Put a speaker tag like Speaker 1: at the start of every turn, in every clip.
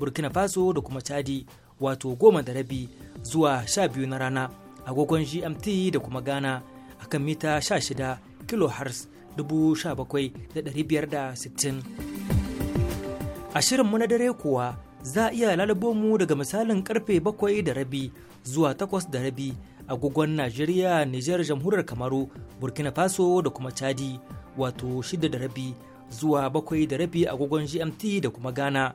Speaker 1: burkina faso da kuma chadi wato goma da rabi zuwa sha biyu na rana agogon gmt da kuma ghana a kan mita biyar kilohertz sittin. a shirinmu na dare kuwa za a iya lalabo mu daga misalin karfe bakwai da rabi zuwa takwas da rabi agogon najeriya nijar jamhuriyar kamaru burkina faso da kuma chadi wato shida da rabi zuwa bakwai da rabi agogon gmt da kuma ghana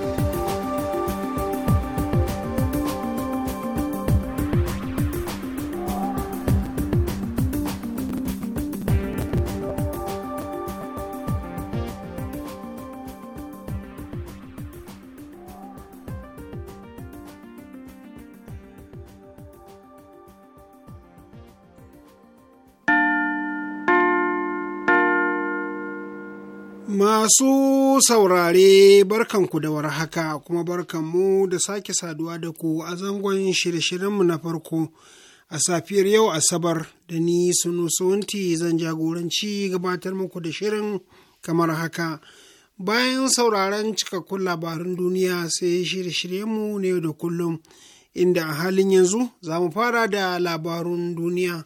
Speaker 2: Masu saurare barkanku da warhaka kuma barkanmu da sake saduwa da ku a zangon shirye-shiryenmu na farko a safiyar yau Asabar da ni sunti zan jagoranci gabatar muku da shirin kamar haka. Bayan sauraren cikakkun labarin duniya sai shirye-shiryenmu ne da kullum inda a halin yanzu za mu fara da labarun duniya.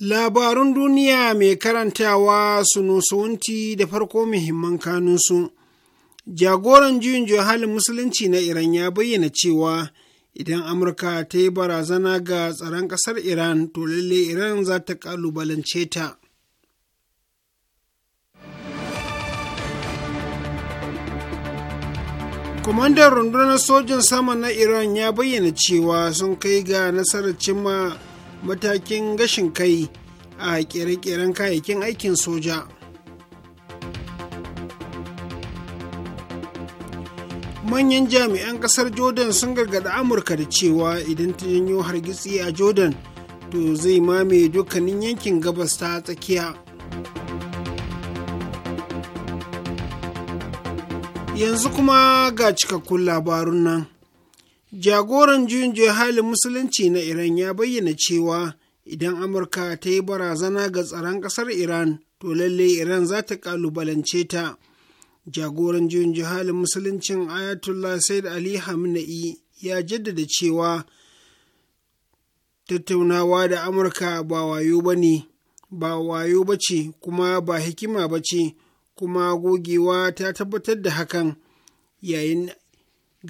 Speaker 2: Labarun duniya mai karantawa su wunti da farko muhimman kanunsu. Jagoran juyin juhalin Musulunci na Iran ya bayyana cewa idan Amurka ta yi barazana ga tsaron ƙasar Iran, to lalle Iran za ta ƙalubalance ta. Kwamandan rundunar sojin sama na Iran ya bayyana cewa sun kai ga nasarar cimma matakin gashin kai a kere-keren kayayyakin aikin soja manyan jami'an kasar jordan sun gargada amurka da cewa idan ta janyo hargitsi a jordan to zai mame dukkanin yankin gabas ta tsakiya yanzu kuma ga cikakkun labarun nan jagoran juyin halin musulunci na iran ya bayyana cewa idan amurka ta yi barazana ga tsaron ƙasar iran to lalle iran za ta ƙalubalance ta jagoran juyin halin musuluncin ayatollah said ali hamna'i ya jaddada cewa tattaunawa da amurka ba wayo ba ne ba wayo ba ce kuma ba hikima ba ce kuma gogewa ta tabbatar da hakan yayin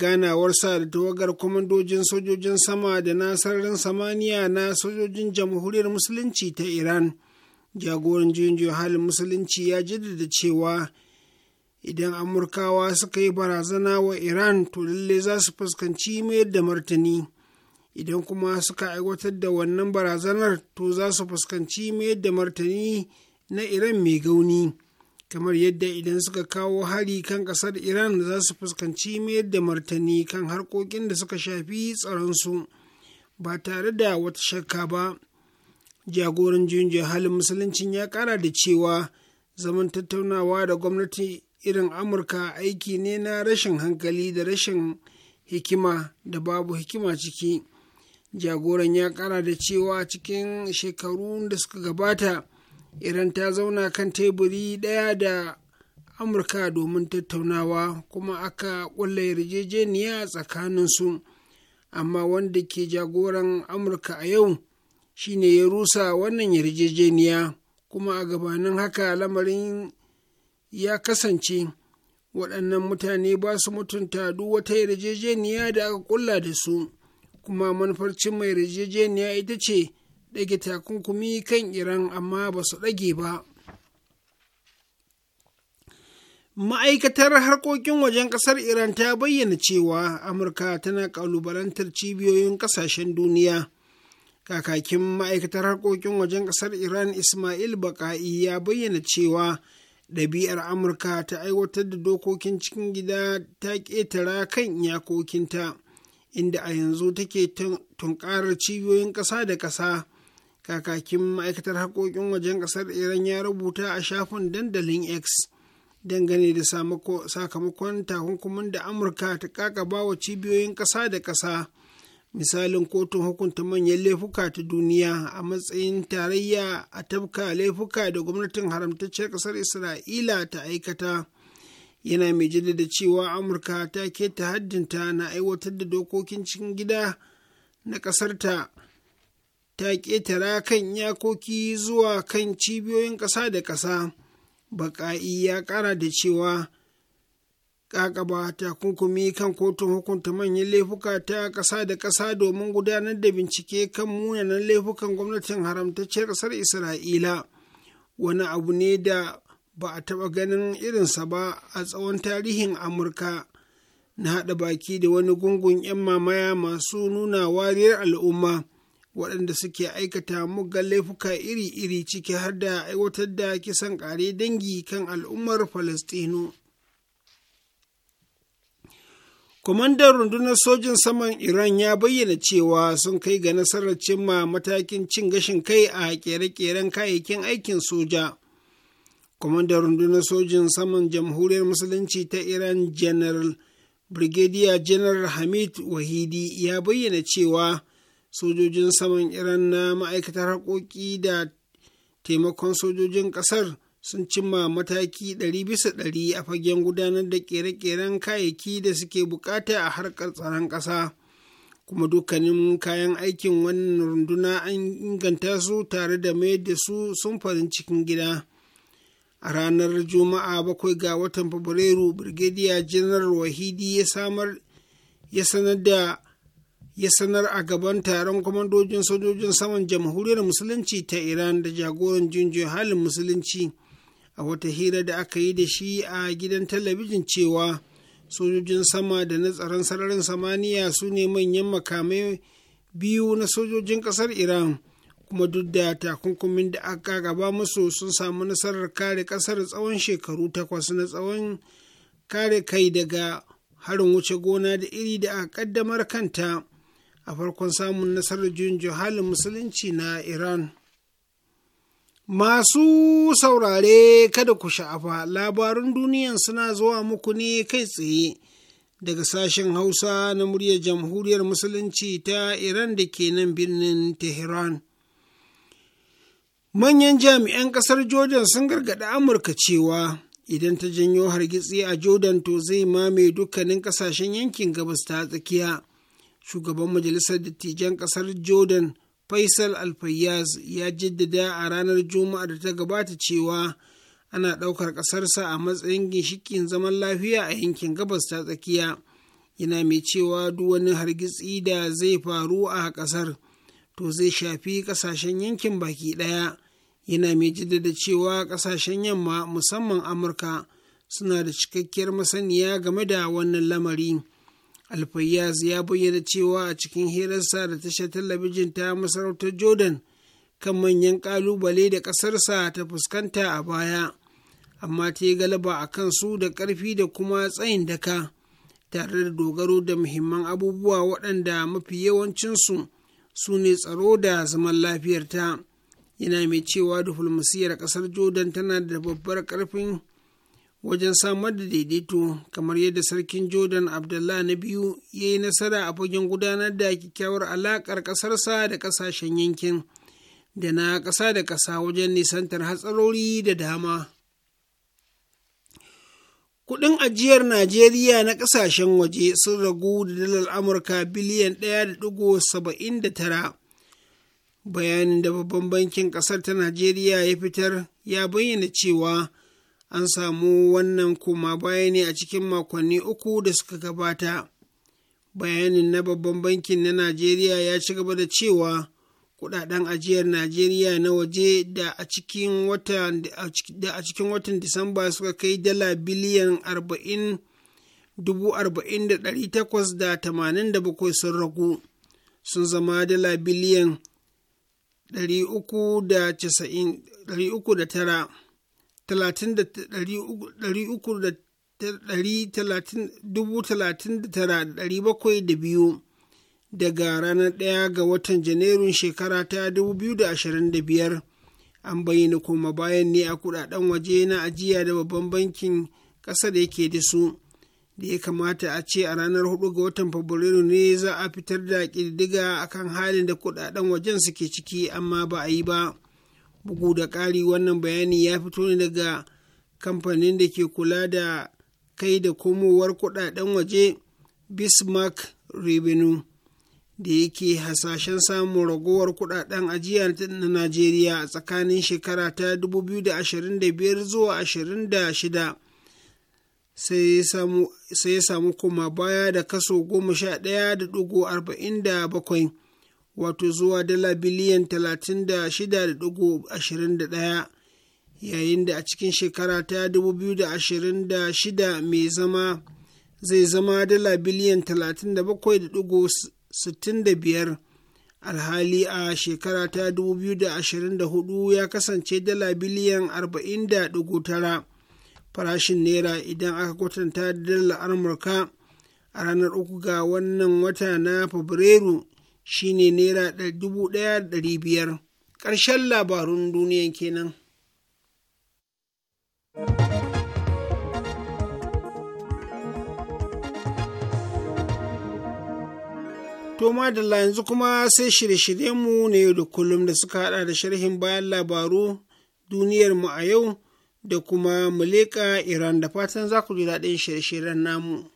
Speaker 2: sa da tawagar kwamandojin sojojin sama da na sararin samaniya na sojojin jamhuriyar musulunci ta iran jagoran juyin halin musulunci ya jaddada cewa idan amurkawa suka yi barazana wa iran to lalle za su fuskanci mayar da martani idan kuma suka aiwatar da wannan barazanar to za su fuskanci mayar da martani na iran mai gauni. kamar yadda idan suka kawo hari kan ƙasar iran za su fuskanci mayar da martani kan harkokin da suka shafi tsaronsu ba tare da wata shakka ba jagoran jinjin halin musuluncin ya kara da cewa zaman tattaunawa da gwamnati irin amurka aiki ne na rashin hankali da rashin hikima da babu hikima ciki jagoran ya kara da cewa cikin shekarun da suka gabata iran ta zauna kan teburi ɗaya da amurka domin tattaunawa kuma aka ƙulla yarjejeniya tsakaninsu amma wanda ke jagoran amurka a yau shine ya rusa wannan yarjejeniya kuma a gabanin haka lamarin ya kasance waɗannan mutane ba su mutunta duk wata yarjejeniya da aka ƙulla da su kuma manufarcin mai yarjejeniya ita ce ɗage takunkumi kan iran amma ba su ɗage ba ma'aikatar harkokin wajen ƙasar iran ta bayyana cewa amurka tana ƙalubalantar cibiyoyin ƙasashen duniya kakakin ma'aikatar harkokin wajen ƙasar iran ismail baka'i ya bayyana cewa ɗabi'ar amurka ta aiwatar da dokokin cikin gida ta ƙetara kan iyakokinta inda a yanzu take tunƙarar cibiyoyin ƙasa da ƙasa kakakin ma'aikatar haƙoƙin wajen ƙasar iran ya rubuta a shafin dandalin x dangane da sakamakon takunkumin da amurka ta kakaba wa cibiyoyin ƙasa da ƙasa misalin kotun hukunta manyan laifuka ta duniya a matsayin tarayya a tabka laifuka da gwamnatin haramtacciyar ƙasar isra'ila ta aikata yana mai jaddada cewa amurka ta ke keta haddinta na aiwatar da dokokin cikin gida na ƙasarta. ta ƙetara kan iyakoki zuwa kan cibiyoyin ƙasa da ƙasa baƙa'i ya ƙara da cewa ƙaƙaba kunkumi kan kotun hukunta manyan laifuka ta ƙasa da ƙasa domin gudanar da bincike kan munanan laifukan gwamnatin haramtacciyar ƙasar isra'ila wani abu ne da ba a taɓa ganin irinsa ba a tsawon tarihin amurka na haɗa baki da wani gungun 'yan mamaya masu nuna wariyar al'umma waɗanda suke aikata muggan laifuka iri-iri ciki har da aiwatar da kisan ƙare dangi kan al'ummar falastinu kwamandan rundunar sojin saman iran ya bayyana cewa sun kai ga nasarar cimma matakin cin gashin kai a kere-keren kayayyakin aikin soja kwamandan rundunar sojin saman jamhuriyar musulunci ta iran general brigadier general hamid wahidi ya bayyana cewa sojojin saman iran na ma'aikatar haƙoƙi da taimakon sojojin ƙasar sun cimma mataki ɗari bisa ɗari a fagen gudanar da ƙere-ƙeren kayayyaki da suke buƙata a harkar tsaron ƙasa kuma dukkanin kayan aikin wannan runduna an inganta su tare da mai da su sun farin cikin gida a ranar juma'a bakwai ga watan fabrairu birgediya janar wahidi ya sanar da ya sanar a gaban taron kwamandojin sojojin saman jamhuriyar musulunci ta iran da jagoran jinjin halin musulunci a wata hira da aka yi da shi a gidan talabijin cewa sojojin sama da na tsaron sararin samaniya su ne manyan makamai biyu na sojojin kasar iran kuma duk da takunkumin da aka gaba musu sun samu nasarar kare kasar tsawon shekaru takwas na tsawon kare kai daga harin wuce gona da iri da aka kaddamar kanta a farkon samun nasarar juyin hali musulunci na iran masu saurare kada ku sha'afa labarun duniyan suna zuwa muku ne kai tsaye daga sashen hausa na murya jamhuriyar musulunci ta iran da ke nan birnin tehran manyan jami'an kasar jordan sun gargaɗi amurka cewa idan ta janyo hargitsi a jordan to zai mame dukkanin kasashen yankin gabas ta tsakiya shugaban majalisar dattijan ƙasar jordan faisal alfayyaz ya jaddada a ranar juma'a da ta gabata cewa ana ɗaukar ƙasarsa a matsayin ginshikin zaman lafiya a yankin gabas ta tsakiya yana mai cewa duk wani hargitsi da zai faru a ƙasar to zai shafi ƙasashen yankin baki ɗaya yana mai jaddada cewa ƙasashen yamma musamman amurka suna da cikakkiyar masaniya game da wannan lamarin. alfayyaz ya bayyana cewa a cikin hirarsa da tashar talabijin ta masarautar jordan kan manyan kalubale da ƙasarsa ta fuskanta a baya amma ta yi galaba a kansu da ƙarfi da kuma tsayin daka tare da dogaro da muhimman abubuwa waɗanda mafi yawancinsu su ne tsaro da zaman lafiyarta yana mai cewa diflomasiyar ƙasar jordan tana da babbar ƙarfin wajen samar da daidaito kamar yadda sarkin jordan abdullah na biyu ya yi nasara a fagen gudanar da kyakkyawar alaƙar ƙasarsa da ƙasashen yankin da na ƙasa da ƙasa wajen nisantar hatsarori da dama kuɗin ajiyar najeriya na ƙasashen waje sun ragu da dalar amurka biliyan ɗaya da tara bayanin da babban bankin ƙasar ta najeriya ya fitar ya bayyana cewa an samu wannan kuma baya ne a cikin makonni uku da suka gabata bayanin na babban bankin na najeriya ya ci gaba da cewa kudaden ajiyar najeriya na waje da a cikin watan disamba suka kai dala biliyan arba'in da sun ragu sun zama dala biliyan biyu daga ranar 1 ga watan janairun shekara ta 2025 an bayyana koma bayan ne a kudaden waje na ajiya da babban bankin ƙasar yake da su da ya kamata a ce a ranar 4 ga watan fabrairu ne za a fitar da ƙididdiga akan halin da kudaden wajen suke ciki amma ba a yi ba. bugu da ƙari wannan bayani ya fito ne daga kamfanin da ke kula da kai da komowar kudaden waje bismarck revenue da yake hasashen samun ragowar kudaden ajiya na najeriya a tsakanin shekara ta 2025 zuwa 26 sai ya samu koma baya da kaso 11.47 wato zuwa dala biliyan 36.21 yayin da a cikin shekara ta 2026 mai zama zai zama dala biliyan 37.65 alhali a shekara ta 2024 ya kasance dala biliyan 40.9 farashin naira idan aka kwatanta da dala amurka a ranar uku ga wannan wata na fabrairu shine naira dubu ɗaya ɗari biyar ƙarshen labarun duniyan kenan. To madalla yanzu kuma sai shirye-shiryenmu ne da kullum da suka hada da sharhin bayan labaru mu a yau da kuma mulika Iran da fatan za ku ji daɗin shirye-shiryen namu.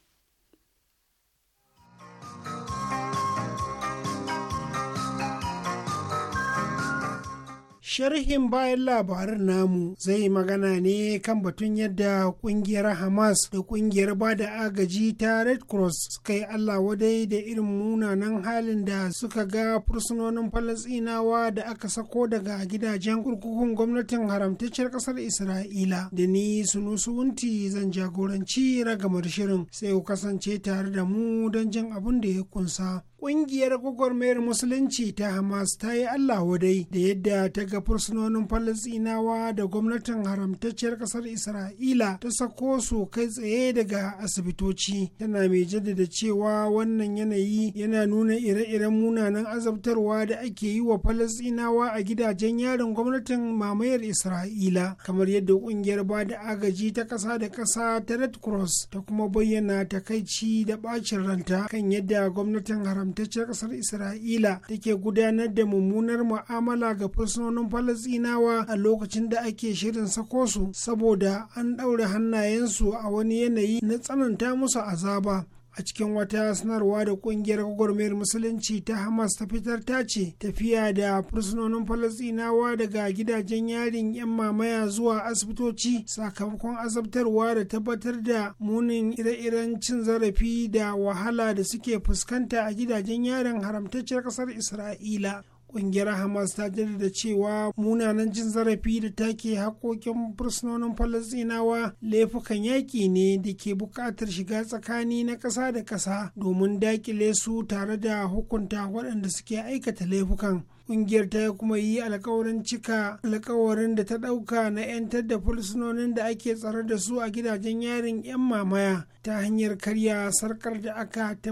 Speaker 2: Sharhin bayan labarin namu zai magana ne kan batun yadda kungiyar Hamas da kungiyar bada agaji ta Red Cross suka yi Allah wadai da irin munanan halin da suka ga fursunonin Falasinawa da aka sako daga gidajen kurkukun gwamnatin haramtacciyar ƙasar Isra'ila. Da ni Sunusu Wunti zan jagoranci ragamar shirin sai ku kasance tare da mu don jin abin da ya kunsa. Ƙungiyar gwagwarmayar Musulunci ta Hamas ta yi Allah wadai da yadda ta ga fursunonin Falasinawa da gwamnatin haramtacciyar ƙasar Isra'ila ta sako su kai tsaye daga asibitoci. Tana mai jaddada cewa wannan yanayi yana nuna ire-iren munanan azabtarwa da ake yi wa Falasinawa a gidajen yarin gwamnatin mamayar Isra'ila, kamar yadda ƙungiyar ba da agaji ta ƙasa da ƙasa ta Red Cross ta kuma bayyana takaici da ɓacin ranta kan yadda gwamnatin haramtacciyar haramtacciyar kasar isra'ila da ke gudanar da mummunar mu'amala ga fursunonin falasinawa a lokacin da ake shirin sako su saboda an ɗaure hannayensu a wani yanayi na tsananta musu azaba a cikin wata sanarwa da kungiyar gwagwarmayar musulunci ta hamas ta fitar ta ce tafiya da fursunonin falasinawa daga gidajen yarin yan mamaya zuwa asibitoci sakamakon azabtarwa da tabbatar da munin ire-iren cin zarafi da wahala da suke fuskanta a gidajen yarin haramtacciyar kasar isra'ila kungiyar hamas ta jaddada cewa munanan jin zarafi da take hakokin fursunonin falasinawa laifukan yaƙi ne da ke buƙatar shiga tsakani na ƙasa da ƙasa domin daƙile su tare da hukunta waɗanda suke aikata laifukan Ƙungiyar ta kuma yi alkawarin cika alkawarin da ta ɗauka na 'yantar da fursunonin da ake tsare da su a gidajen yarin 'yan mamaya ta hanyar karya sarkar da aka ta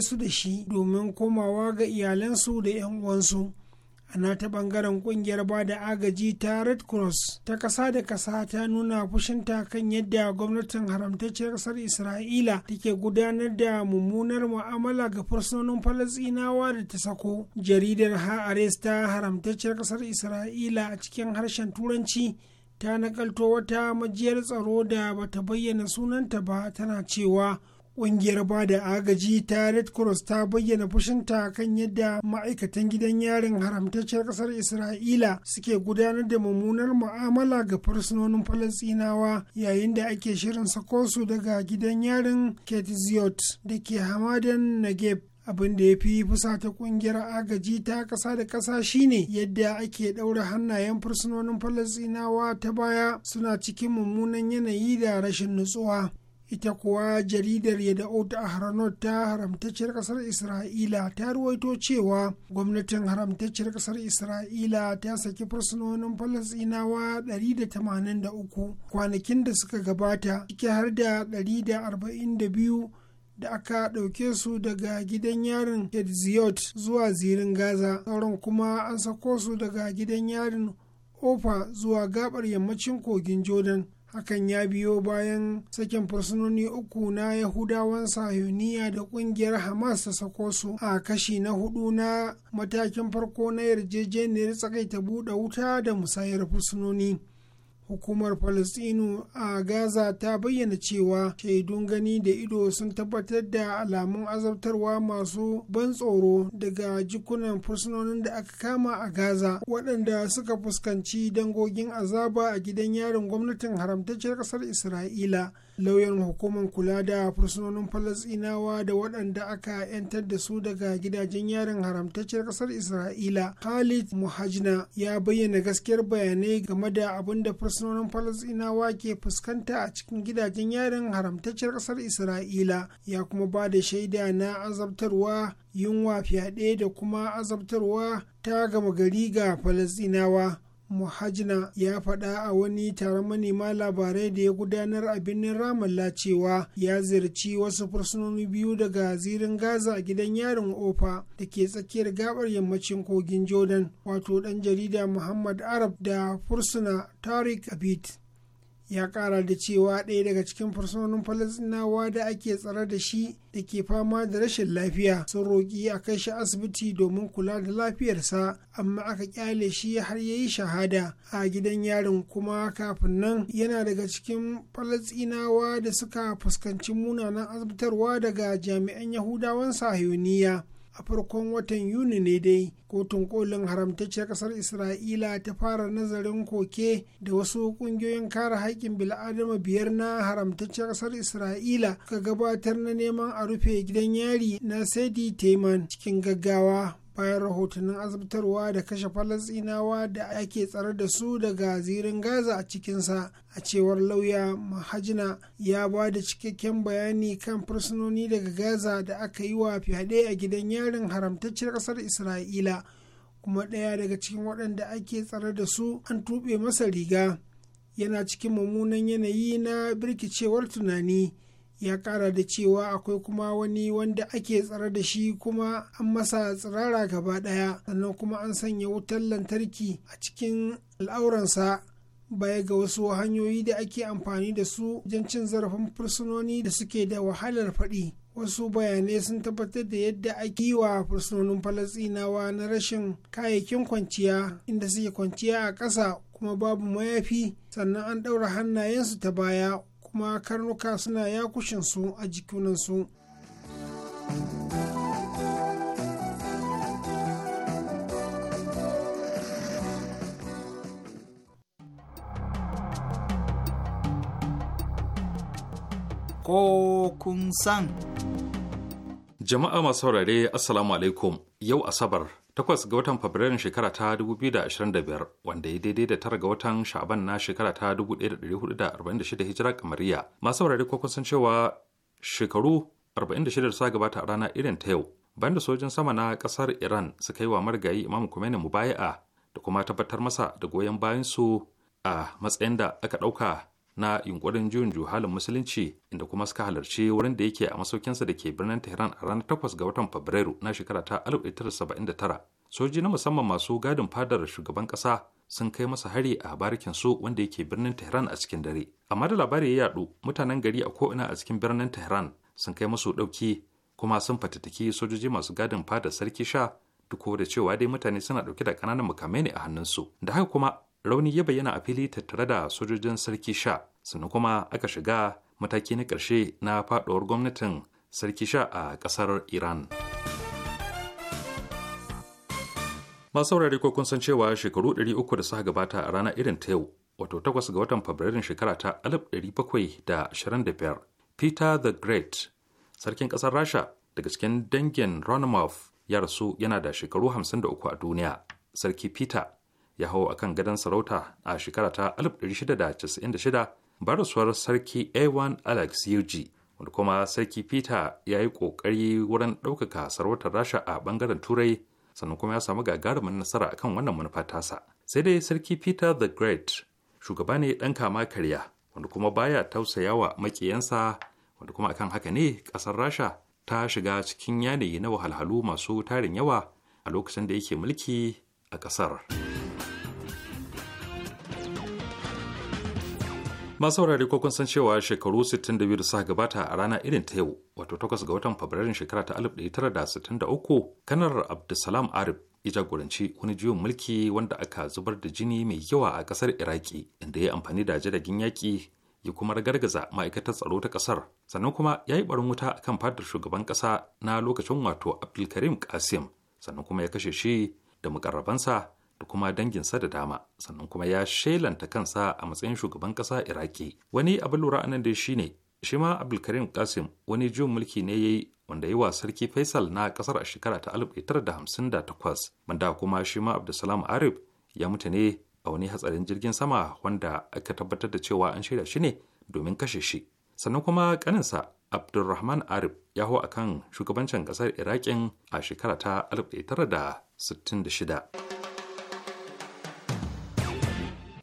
Speaker 2: su da shi domin komawa ga iyalansu da 'yan uwansu. a nata bangaren kungiyar ba da agaji ta red cross ta kasa da kasa ta nuna fushinta kan yadda gwamnatin haramtacciyar kasar isra'ila take gudanar da mummunar mu'amala ga fursunonin falasinawa da ta sako jaridar ha'ares ta haramtacciyar kasar isra'ila a cikin harshen turanci ta nakalto wata majiyar tsaro da bata bayyana sunanta ba tana cewa Ƙungiyar ba da agaji ta Red Cross ta bayyana fushinta kan yadda ma'aikatan gidan yarin haramtacciyar ƙasar Isra'ila suke gudanar da mummunar mu'amala ga fursunonin Falasɗinawa yayin da ake shirin sako su daga gidan yarin Ketziot da ke hamadan Negev. abin da ya fi fusata ƙungiyar agaji ta ƙasa da ƙasa shine yadda ake ɗaura hannayen fursunonin falasinawa ta baya suna cikin mummunan yanayi da rashin nutsuwa ita kuwa jaridar Yadda a Ahranot ta haramtacciyar kasar Isra'ila ta ruwaito cewa gwamnatin haramtacciyar kasar Isra'ila ta saki fursunonin Falasɗinawa 183 kwanakin da suka gabata ciki har da 142 da aka ɗauke su daga gidan yarin Hedziot zuwa zirin Gaza, sauran kuma an sako su daga gidan yarin Ofa zuwa gabar yammacin kogin Jordan. hakan ya biyo bayan sakin fursunoni uku na yahudawan sahuniya da kungiyar hamas ta sako su a kashi na hudu na matakin farko na yarjejeniyar tsakaita buɗe wuta da musayar fursunoni hukumar palestino a gaza ta bayyana cewa shaidun gani da ido sun tabbatar da alamun azabtarwa masu ban tsoro daga jikunan fursunonin da aka kama a gaza waɗanda suka fuskanci dangogin azaba a gidan yarin gwamnatin haramtacciyar ƙasar isra'ila lauyan hukumar kula da fursunonin falasinawa da waɗanda aka 'yantar da su daga gidajen yarin haramtacciyar ƙasar isra'ila khalid muhajna ya bayyana gaskiyar bayanai game da abin da fursunonin falasinawa ke fuskanta a cikin gidajen yarin haramtacciyar ƙasar isra'ila ya kuma ba da shaida na azabtarwa yunwa fyaɗe da kuma azabtarwa ta gama gari ga falasinawa Muhajina ya faɗa a wani taron manema labarai da ya gudanar a birnin ramallah cewa ya ziyarci wasu fursunoni biyu daga zirin gaza a gidan yarin ofa da ke tsakiyar gabar yammacin kogin jordan wato ɗan jarida muhammad arab da fursuna tariq abid ya kara da cewa ɗaya daga cikin fursunonin falasinawa da ake tsare da shi da ke fama da rashin lafiya sun roƙi a kai shi asibiti domin kula da lafiyarsa amma aka ƙyale shi har ya yi shahada a gidan yarin kuma kafin nan yana daga cikin falasinawa da suka fuskanci munanan azabtarwa daga jami'an yahudawan sahiyoniya a farkon watan yuni ne dai kotun kolin haramtacciyar kasar isra'ila ta fara nazarin koke da wasu kungiyoyin kare haƙƙin bil'adama biyar na haramtacciyar kasar isra'ila ka gabatar na neman a rufe gidan yari na sadi teman cikin gaggawa bayan rahotannin azabtarwa da kashe falasinawa da ake tsare da su daga zirin gaza a cikinsa a cewar lauya mahajina ya ba da cikakken bayani kan fursunoni daga gaza da aka yi wa fyaɗe a gidan yarin haramtacciyar ƙasar isra'ila kuma ɗaya daga cikin waɗanda ake tsare da su an tuɓe masa riga yana cikin mummunan yanayi na birkicewar tunani ya kara da cewa akwai kuma wani wanda ake tsare da shi kuma an masa tsirara gaba ɗaya sannan kuma an sanya wutar lantarki a cikin al'auransa baya ga wasu hanyoyi da ake amfani da su wajen cin zarafin fursunoni da suke da wahalar faɗi wasu bayanai sun tabbatar da yadda ake yi wa fursunonin falasinawa na rashin kayayyakin kwanciya inda suke kwanciya a ƙasa kuma babu mayafi sannan an ɗaura hannayensu ta baya kuma karnuka suna su a jikunansu
Speaker 3: ko kun san
Speaker 4: jama'a masu saurare assalamu alaikum yau asabar 8 ga watan fabrairun shekara ta 2025 wanda ya daidai da tara ga watan sha'aban na shekara ta 1446 hijira kamariya masu wurare ko sun cewa shekaru 46 sa gabata a rana irin ta yau bayan da sojin sama na kasar iran suka yi wa marigayi imam Khomeini mubaya'a da kuma tabbatar masa da goyon bayan su a matsayin da aka ɗauka na yunkurin juyin juhalin musulunci inda kuma suka halarci wurin da yake a masaukinsa da ke birnin tehran a ranar takwas ga watan fabrairu na shekara ta da saba'in tara, soji na musamman masu gadin fadar shugaban ƙasa sun kai masa hari a barikin su wanda yake birnin tehran a cikin dare amma da labari ya yaɗu, mutanen gari a ko'ina a cikin birnin tehran sun kai masu dauki kuma sun fatattaki sojoji masu gadin fadar sarki sha duk da cewa dai mutane suna dauke da ƙananan mukamai ne a hannunsu da haka kuma rauni ya bayyana a fili tattare da sojojin sarki sha sannan kuma aka shiga mataki na ƙarshe na faɗuwar gwamnatin sarki sha a ƙasar iran masu saurare ko kun san cewa shekaru 300 da suka gabata a rana irin ta yau wato 8 ga watan fabrairun shekara ta 1725 peter the great sarkin ƙasar rasha daga cikin dangin ronimov ya rasu yana da shekaru 53 a duniya sarki peter ya hau akan gadon sarauta a shekara ta 1696 barasuwar sarki a1 alex yuji wanda kuma sarki peter ya yi kokari wurin ɗaukaka sarautar rasha a bangaren turai sannan kuma ya samu gagarumin nasara akan wannan manufa tasa sai dai sarki peter the great shugaba ne ɗan kama karya wanda kuma baya wa makiyansa wanda kuma akan haka ne ƙasar rasha ta shiga cikin yanayi na wahalhalu masu tarin yawa a lokacin da yake mulki a ƙasar. masu saurare ko kun san cewa shekaru 62 da suka gabata a rana irin ta yau wato 8 ga watan fabrairun shekara ta 1963 kanar abdulsalam arif ya jagoranci wani juyin mulki wanda aka zubar da jini mai yawa a kasar iraki inda ya amfani da jiragen yaƙi ya kuma ragargaza ma'aikatar tsaro ta kasar sannan kuma ya yi barin wuta kan fadar shugaban kasa na lokacin wato abdulkarim kasim sannan kuma ya kashe shi da mukarrabansa da kuma danginsa da dama sannan kuma ya shelanta kansa a matsayin shugaban ƙasa iraki wani abin lura anan dai shine shi ma abdulkarim kasim wani juyin mulki ne ya yi wanda yi wa sarki faisal na kasar a shekara ta 1958 banda kuma shi ma abdulsalam arif ya mutu ne a wani hatsarin jirgin sama wanda aka tabbatar da cewa an shaida shi ne domin kashe shi sannan kuma kaninsa abdulrahman arif ya hau akan shugabancin kasar iraki a shekara ta shida.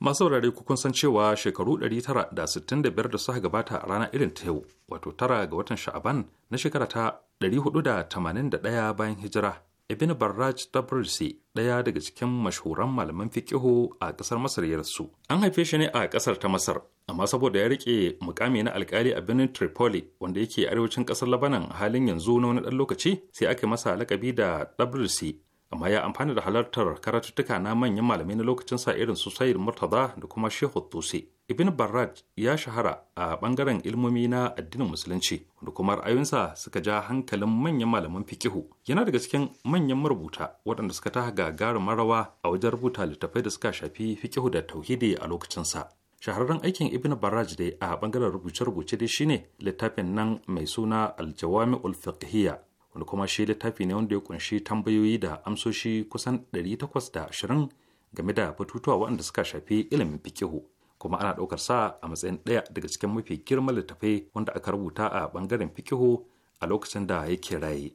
Speaker 4: masu saurare kun san cewa shekaru 965 da suka gabata a rana irin ta yau wato tara ga watan sha'aban na shekara ta 481 bayan hijira ibn barraj tabrisi ɗaya daga cikin mashhuran malaman fiqihu a ƙasar masar ya rasu an haife shi ne a ƙasar ta masar amma saboda ya rike mukami na alkali a birnin tripoli wanda yake arewacin ƙasar labanan halin yanzu na wani ɗan lokaci sai aka masa lakabi da tabrisi amma ya amfani da halartar karatuttuka na manyan malamai na lokacin lokacinsa irin su sayid murtaza da kuma shehu tusi ibn barraj ya shahara a bangaren ilmomi na addinin musulunci da kuma ra'ayinsa suka ja hankalin manyan malaman fikihu yana daga cikin manyan marubuta waɗanda suka ta gagarumin marawa a wajen rubuta littattafai da suka shafi fikihu da tauhidi a lokacinsa shahararren aikin ibn barraj dai a bangaren rubuce-rubuce dai shine littafin nan mai suna aljawami'ul fiqhiyya wani kuma shi littafi ne wanda ya kunshi tambayoyi da amsoshi kusan 820 game da batutuwa waɗanda suka shafi ilimin fikihu kuma ana ɗaukar sa a matsayin ɗaya daga cikin mafi girman littafai wanda aka rubuta a ɓangaren fikihu a lokacin da yake raye.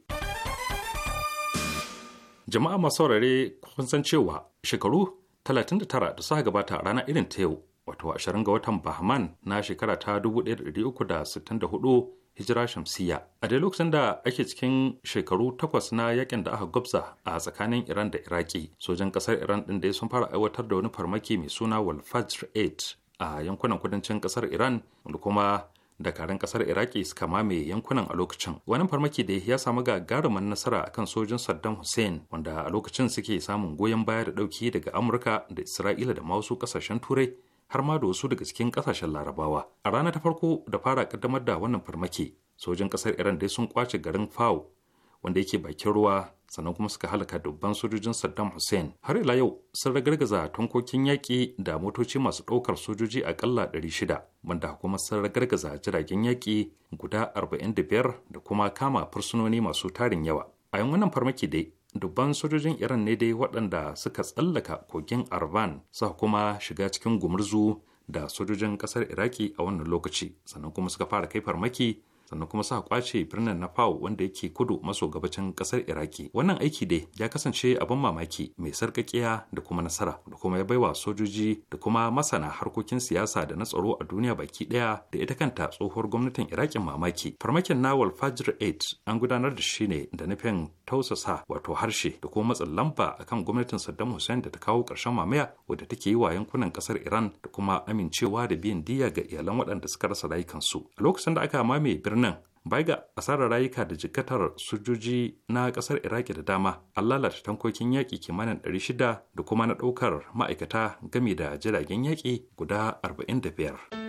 Speaker 4: Jama'a masu saurare kun san cewa shekaru 39 da suka gabata rana irin ta yau wato 20 ga watan Bahman na shekara ta 1364 hijira Shamsiyya, a dai lokacin da ake cikin shekaru takwas na yakin da aka gwabza a tsakanin iran da iraki sojan kasar iran din da sun fara aiwatar da wani farmaki mai suna walfajr 8 a yankunan kudancin kasar iran wanda kuma dakarun kasar iraki suka mamaye yankunan a lokacin wani farmaki da ya samu gagarumin nasara kan sojin saddam hussein wanda a lokacin suke samun goyon baya da ɗauki daga amurka da isra'ila da ma wasu kasashen turai har ma da wasu daga cikin kasashen larabawa a rana ta farko da fara kaddamar da wannan farmaki sojin kasar iran dai sun kwace garin fao wanda yake bakin ruwa sannan kuma suka halaka dubban sojojin saddam hussein har ila yau sun ragargaza tankokin yaƙi da motoci masu ɗaukar sojoji aƙalla 600 banda kuma sun ragargaza jiragen yaƙi guda 45 da kuma kama fursunoni masu tarin yawa a yan wannan farmaki dai dubban sojojin iran ne dai waɗanda suka tsallaka kogin arvan suka kuma shiga cikin gumurzu da sojojin ƙasar iraki a wannan lokaci sannan kuma suka fara kai farmaki sannan kuma sa kwace birnin na Pau wanda yake kudu maso gabacin kasar Iraki. Wannan aiki dai ya kasance abin mamaki mai sarkakiya da kuma nasara da kuma ya baiwa sojoji da kuma masana harkokin siyasa da na tsaro a duniya baki ɗaya da ita kanta tsohuwar gwamnatin Irakin mamaki. Farmakin Nawal Fajr 8 an gudanar da shi ne da nufin tausasa wato harshe da kuma matsin lamba akan gwamnatin Saddam Hussein da ta kawo ƙarshen mamaya wadda take yi wa yankunan kasar Iran da kuma amincewa da biyan diya ga iyalan waɗanda suka rasa rayukansu. A lokacin da aka mame birnin birnin bai ga asarar rayuka da jikatar sojoji na kasar iraki da dama an lalata tankokin yaƙi kimanin 600 da kuma na ɗaukar ma'aikata game da jiragen yaƙi guda 45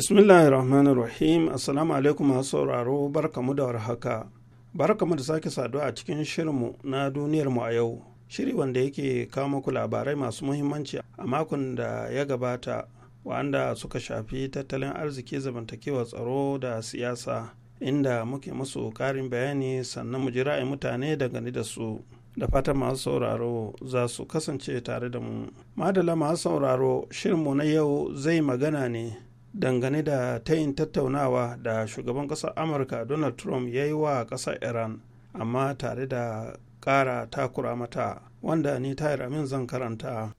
Speaker 5: Bismillahirrahmanirrahim. Assalamu alaikum masu sauraro barkamu da warhaka. Barkamu da sake saduwa a cikin shirinmu na duniyar mu a yau. Shiri wanda yake kawo muku labarai masu muhimmanci a makon da ya gabata wanda suka shafi tattalin arziki zamantakewa tsaro da siyasa inda muke musu karin bayani sannan mu ji ra'ayin mutane dangane da su. da fatan masu sauraro za su kasance tare da mu. Madala masu sauraro shirinmu na yau zai magana ne dangane da tayin tattaunawa da shugaban ƙasar amurka donald trump ya yi wa ƙasar iran amma tare da ƙara takura mata wanda ni tayar amin zan karanta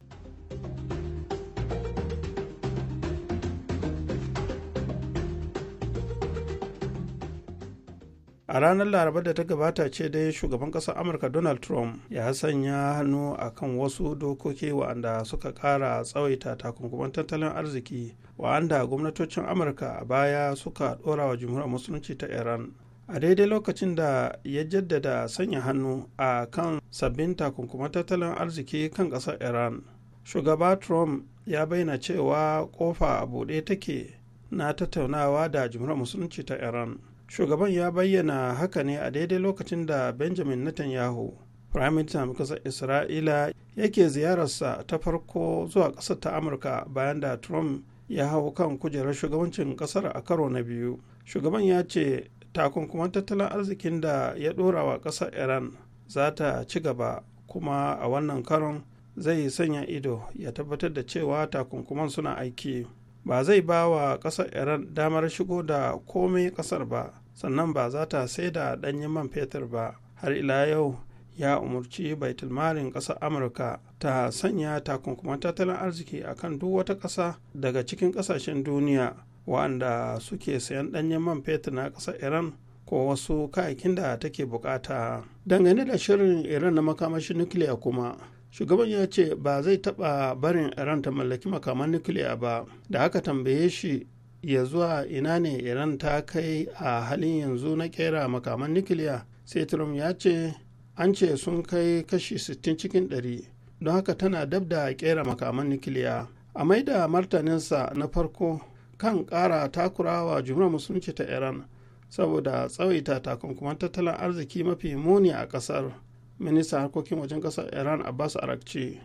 Speaker 5: a ranar laraba da ta gabata ce dai shugaban ƙasar amurka donald trump ya sanya hannu akan wasu dokoki wa'anda suka ƙara tsawaita takunkuman tattalin arziki wa'anda gwamnatocin amurka a baya suka ɗora wa jimhuriyar musulunci ta iran a daidai lokacin da ya jaddada sanya hannu a kan sabbin takunkuman tattalin arziki kan ƙasar iran shugaba trump ya bayyana cewa kofa a buɗe take na tattaunawa da jimhuriyar musulunci ta iran shugaban ya bayyana haka ne a daidai lokacin da benjamin netanyahu prime minister kasar isra'ila yake ziyararsa ta farko zuwa ƙasar ta amurka bayan da trump ya hau kan kujerar shugabancin ƙasar a karo na biyu shugaban ya ce takunkuman tattalin arzikin da ya ɗora wa ƙasar iran za ta ci gaba kuma a wannan karon zai sanya ido ya tabbatar da cewa takunkuman suna aiki ba zai ba wa ƙasar iran damar shigo da komai ƙasar ba sannan ba za ta sai da ɗanyen man fetur ba har ila yau ya umarci baitulmarin ƙasar amurka ta sanya takunkuman tattalin arziki a kan duk wata ƙasa daga cikin ƙasashen duniya wanda suke sayan ɗanyen man fetur na ƙasar iran ko wasu kayakin da take bukata dangane da shirin iran na makamashin nukiliya kuma shugaban ya ce ba zai taɓa barin iran ta mallaki makaman nukiliya ba da aka tambaye shi ya zuwa ina ne iran ta kai a halin yanzu na kera makaman nukiliya sai trump ya ce an ce sun kai kashi 60 cikin 100 don haka tana dab da kera makaman nukiliya a maida martaninsa na farko kan kara takurawa jumla musulunci ta iran saboda tsawaita takunkuman tattalin arziki mafi muni a kasar ministan harkokin wajen kasar iran abbas arakci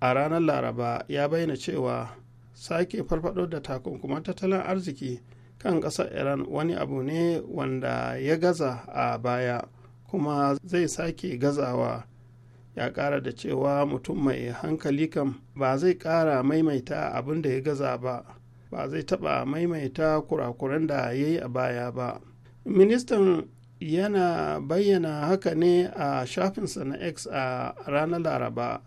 Speaker 5: a ranar laraba ya bayyana cewa sake farfado da takunkuman tattalin arziki kan ƙasar iran wani abu ne wanda ya gaza a baya kuma zai sake gazawa ya ƙara da cewa mutum mai hankali kam ba zai ƙara maimaita abin da ya gaza ba ba zai taɓa maimaita kurakuran da ya yi a baya ba ministan yana bayyana haka ne a shafinsa na x a ranar laraba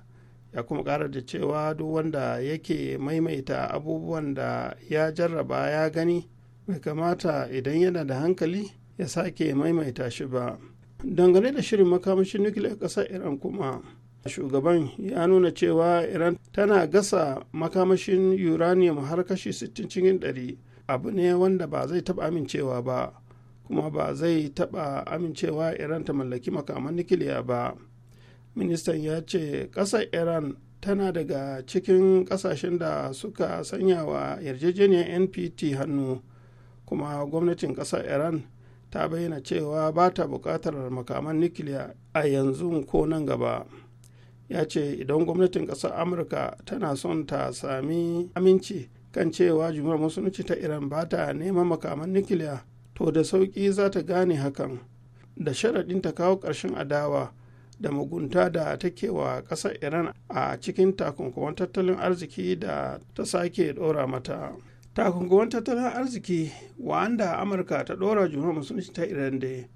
Speaker 5: ya kuma ƙara da cewa duk wanda yake maimaita abubuwan da ya jarraba ya gani bai kamata idan yana da hankali ya sake maimaita shi ba dangane da shirin makamashin nukiliyar ƙasar iran kuma shugaban ya nuna cewa iran tana gasa makamashin uranium har kashi 60 cikin 100 abu ne wanda ba zai taɓa amincewa ba kuma ba zai taɓa amincewa iran ta mallaki makaman nukiliya ba ministan ya ce ƙasar iran tana daga cikin ƙasashen da suka sanya wa yarjejeniyar npt hannu kuma gwamnatin ƙasar iran ta bayyana cewa ba ta buƙatar makaman nukiliya a yanzu ko nan gaba ya ce idan gwamnatin ƙasar amurka tana son ta sami aminci kan cewa jumhuriyar musulunci ta iran ba ta neman makaman nukiliya to da sauƙi za ta gane hakan da sharaɗin ta kawo ƙarshen adawa da mugunta da take wa ƙasar iran a cikin takunkuwan tattalin arziki da ta sake ɗora mata takunkuwan tattalin arziki wa'anda amurka ta ɗora juna musulunci ta iran da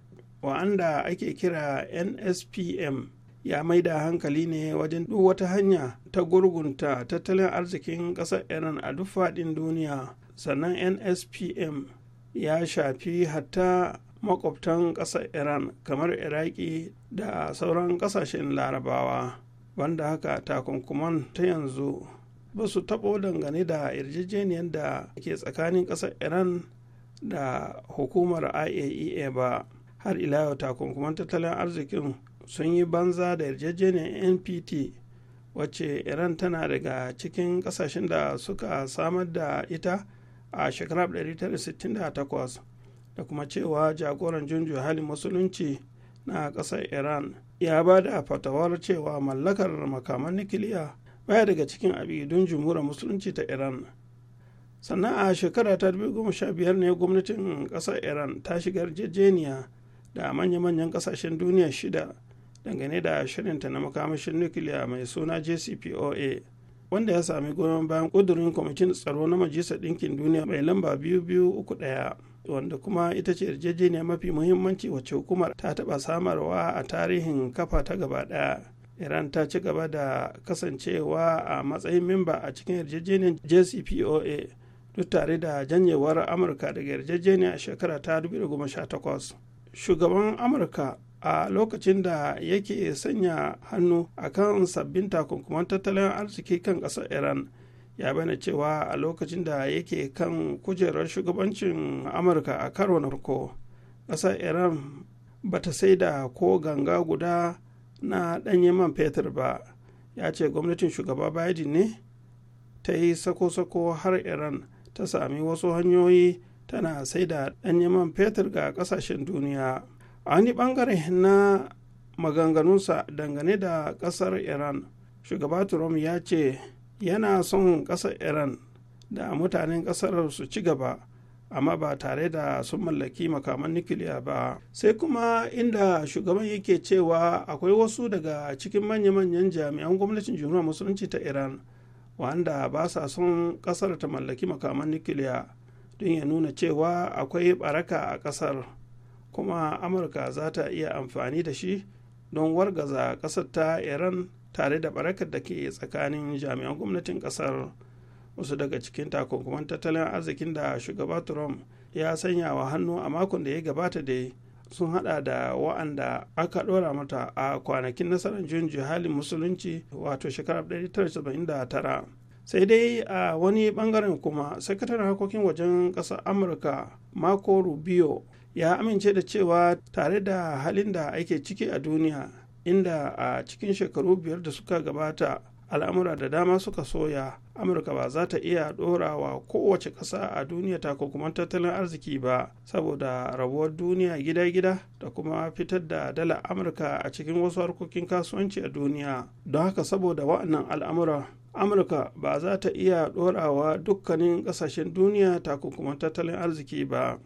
Speaker 5: wa'anda ake kira nspm ya mai da hankali ne wajen duk wata hanya ta gurgunta tattalin arzikin ƙasar iran a duk faɗin duniya sannan nspm ya shafi hatta makwabtan ƙasar iran kamar iraki da sauran kasashen larabawa banda haka takunkuman ta yanzu ba su taɓo dangane da yarjejeniyar da ke tsakanin ƙasar iran da hukumar iaea e ba har ila yau takunkuman tattalin arzikin sun yi banza da yarjejeniyar npt wacce iran tana daga cikin kasashen da suka samar da ita a shekarar 1968 da kuma cewa jagoran junju halin musulunci na ƙasar iran ya ba da fatawar cewa mallakar makaman nikiliya baya daga cikin abidun jumhuriyar musulunci ta iran sannan a shekara ta 2015 ne gwamnatin ƙasar iran ta shigar jejeniya da manya-manyan ƙasashen duniya shida dangane da shirinta na makamashin nukiliya mai suna jcpoa wanda ya sami goyon bayan ƙudurin kwamitin tsaro na majalisar ɗinkin duniya mai lamba 2231 wanda kuma ita ce yarjejeniya mafi muhimmanci wacce hukumar ta taɓa samarwa a tarihin kafa ta gaba ɗaya iran ta ci gaba da kasancewa a matsayin mimba a cikin yarjejeniyar jcpoa duk tare da janyewar amurka daga yarjejeniya a shekara ta 2018 shugaban amurka a lokacin da yake sanya hannu akan sabbin takunkuman tattalin arziki kan ƙasar iran ya bayyana cewa a lokacin da yake kan kujerar shugabancin amurka a karo na farko ƙasar iran ba ta sai da ko ganga guda na ɗanye man fetur ba ya ce gwamnatin shugaba biden ne ta yi sako-sako har iran ta sami wasu hanyoyi tana sai da ɗanye man fetur ga ƙasashen duniya a wani ɓangare na maganganunsa dangane da ƙasar iran shugaba trump ya ce yana son ƙasar iran da mutanen ƙasar su ci gaba amma ba tare da sun mallaki makaman nukiliya ba sai kuma inda shugaban yake cewa akwai wasu daga cikin manya-manyan jami'an gwamnatin jumhuriyar musulunci ta iran wanda ba sa son ƙasar ta mallaki makaman nukiliya don ya nuna cewa akwai baraka a ƙasar kuma amurka za ta iya amfani da shi don wargaza ƙasar ta iran tare da barakar da ke tsakanin jami'an gwamnatin kasar wasu daga cikin takunkuman tattalin arzikin da shugaba trump ya sanya wa hannu a makon da ya gabata da sun hada da wa'anda aka dora mata a kwanakin nasarar jin jihalin musulunci wato shekarar 1979 sai dai a wani bangaren kuma sakataren harkokin wajen ƙasar amurka marco rubio ya amince da cewa tare da halin da ake ciki a duniya inda a cikin shekaru biyar da suka gabata al'amura da dama suka soya amurka ba za ta iya wa kowace ƙasa a duniya ta kuma tattalin arziki ba saboda rabuwar duniya gida-gida da kuma fitar da dala amurka a cikin wasu harkokin kasuwanci a duniya don haka saboda wa'annan al'amura amurka ba za ta iya ɗorawa dukkanin ƙasashen duniya ta kuma tattalin arziki ba.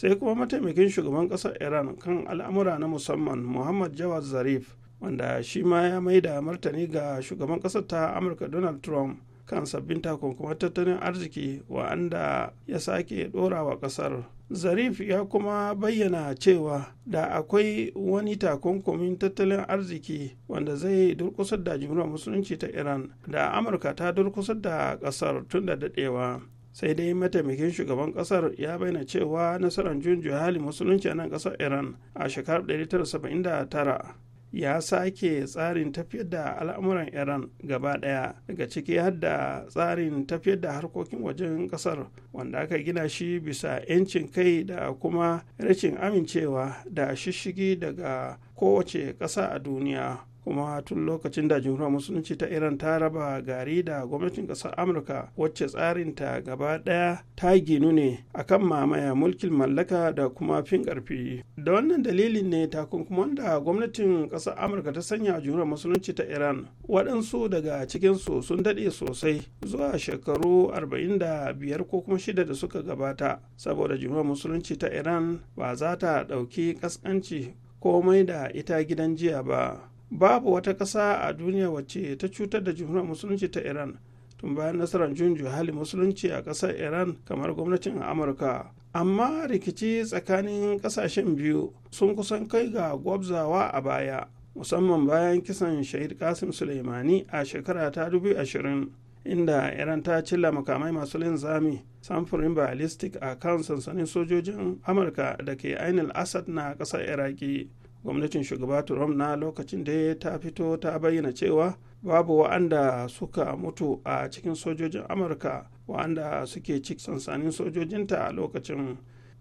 Speaker 5: sai kuma mataimakin shugaban ƙasar iran kan al'amura na musamman muhammad jawad zarif wanda shi ma ya mai da martani ga shugaban ƙasar ta amurka donald trump kan sabbin takunkuman tattalin arziki wa'anda ya sake wa ƙasar zarif ya kuma bayyana cewa da akwai wani takunkumin tattalin arziki wanda zai durkusar da musulunci ta iran da amurka ta durkusar da ƙasar tun da dadewa. sai dai mataimakin shugaban kasar ya bayyana cewa nasarar junju hali musulunci a nan kasar iran a shekarar 1979 ya sake tsarin tafiyar da al'amuran iran gaba daya daga ciki har da tsarin tafiyar da harkokin wajen kasar wanda aka gina shi bisa 'yancin kai da kuma rashin amincewa da shishigi daga kowace ƙasa a duniya kuma tun lokacin da jamhuriyar musulunci ta iran ta raba gari da gwamnatin kasar amurka wacce tsarinta gaba daya ta ginu ne kan mamaya mulkin mallaka da kuma fin karfi da wannan dalilin ne takunkuman da gwamnatin kasar amurka ta sanya a musulunci ta iran waɗansu daga cikinsu sun daɗe sosai zuwa shekaru 45 ko kuma shida da suka gabata saboda jamhuriyar musulunci ta iran ba za ta ɗauki ƙasƙanci komai da ita gidan jiya ba babu wata ƙasa a duniya wacce ta cutar da jihunan musulunci ta iran tun bayan nasarar junju hali musulunci a ƙasar iran kamar gwamnatin amurka amma rikici tsakanin ƙasashen biyu sun kusan kai ga gwabzawa a baya musamman bayan kisan shahid kasim suleimani a shekara ta 2020 inda iran ta cilla makamai masu linzami samfurin ballistic a kan sansanin sojojin amurka da ke ainul asad na ƙasar iraki gwamnatin shugaba trump na lokacin da ta fito ta bayyana cewa babu wa'anda suka mutu a cikin sojojin amurka wa'anda suke cik sansanin sojojinta a lokacin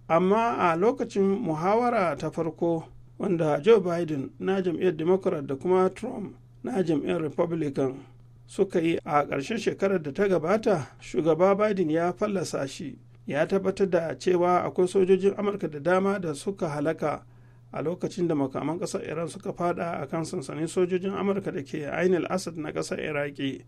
Speaker 5: amma a lokacin muhawara ta farko wanda joe biden na jam'iyyar democrat da kuma trump na jam'iyyar republican suka yi a ƙarshen shekarar da ta gabata shugaba biden ya fallasa shi ya tabbatar da cewa akwai sojojin amurka da dama da suka halaka a lokacin da makaman ƙasar iran suka fada a kan sansanin sojojin amurka da ke ainihin asad na ƙasar iraki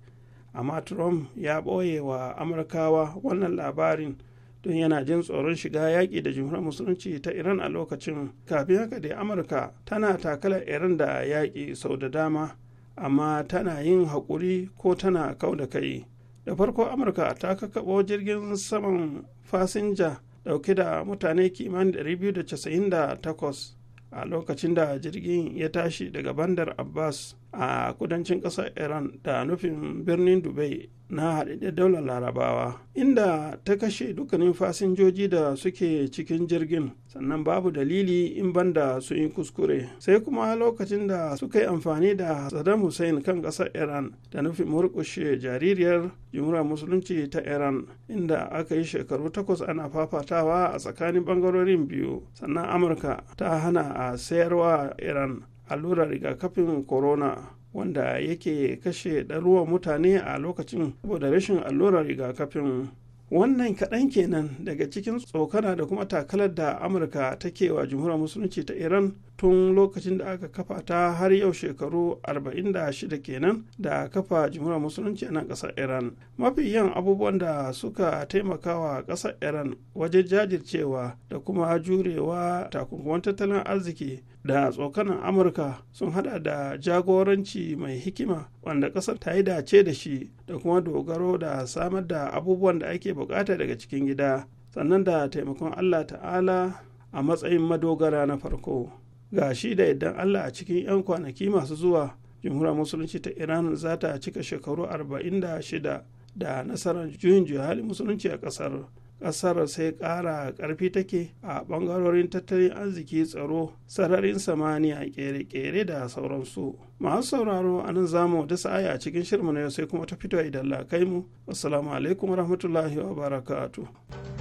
Speaker 5: amma trump ya ɓoye wa amurkawa wannan labarin don yana jin tsoron shiga yaƙi da jimhuriyar musulunci ta iran a lokacin kafin haka da amurka tana takalar iran da yaƙi sau da dama amma tana yin haƙuri ko tana kau da kai da farko amurka ta kakaɓo jirgin saman fasinja ɗauke da mutane kimanin 298 a lokacin da jirgin ya tashi daga bandar abbas a kudancin ƙasar iran da nufin birnin dubai na haɗaɗɗen daular larabawa inda ta kashe dukkanin fasinjoji da suke cikin jirgin sannan babu dalili in banda su yi kuskure sai kuma lokacin da suka yi amfani da saddam hussein kan ƙasar iran da nufin murƙushe jaririyar Jumura musulunci ta iran inda aka yi shekaru takwas ana fafatawa a tsakanin ɓangarorin biyu sannan amurka ta hana a sayarwa iran allurar rigakafin corona wanda yake kashe ɗaruwa mutane a lokacin saboda rashin allurar rigakafin wannan kaɗan kenan daga cikin tsokana da kuma takalar da amurka take wa jamhuriyar musulunci ta iran tun lokacin da aka kafa ta har yau shekaru 46 kenan da kafa jamhuriyar musulunci a nan ƙasar iran mafi yin abubuwan da suka taimaka wa ƙasar iran wajen jajircewa da kuma jurewa takunkuman tattalin arziki da tsokanan amurka sun hada da jagoranci mai hikima wanda kasar ta yi dace da shi da kuma dogaro da samar da abubuwan da ake bukata daga cikin gida sannan da taimakon allah ta'ala a matsayin madogara na farko ga shi da idan allah a cikin 'yan kwanaki masu zuwa jamhuriyar musulunci ta iran za ta cika shekaru 46 da nasarar juyin juya hali musulunci a kasar kasar sai kara karfi take a bangarorin tattalin arziki tsaro sararin samaniya kere-kere da sauransu masu sauraro a nan zamu da sa'ayi a cikin shirmu na yau sai kuma ta fito idan la kai mu assalamu alaikum warahmatullahi wabarakatuh